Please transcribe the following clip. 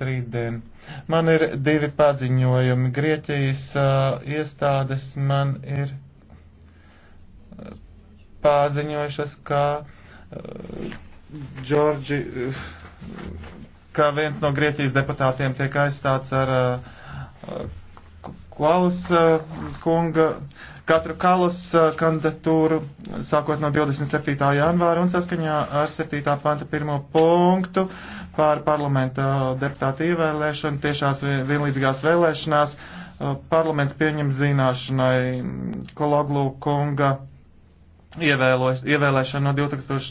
rītdien. Man ir divi paziņojumi. Grieķijas uh, iestādes man ir paziņojušas, ka uh, Džordži, uh, ka viens no Grieķijas deputātiem tiek aizstāts ar uh, Valas uh, kunga katru kalas uh, kandidatūru sākot no 27. janvāra un saskaņā ar 7. panta 1. punktu par parlamenta deputātu ievēlēšanu tiešās vienlīdzīgās vēlēšanās uh, parlaments pieņem zināšanai Kologlu kunga ievēlēšanu no 2000.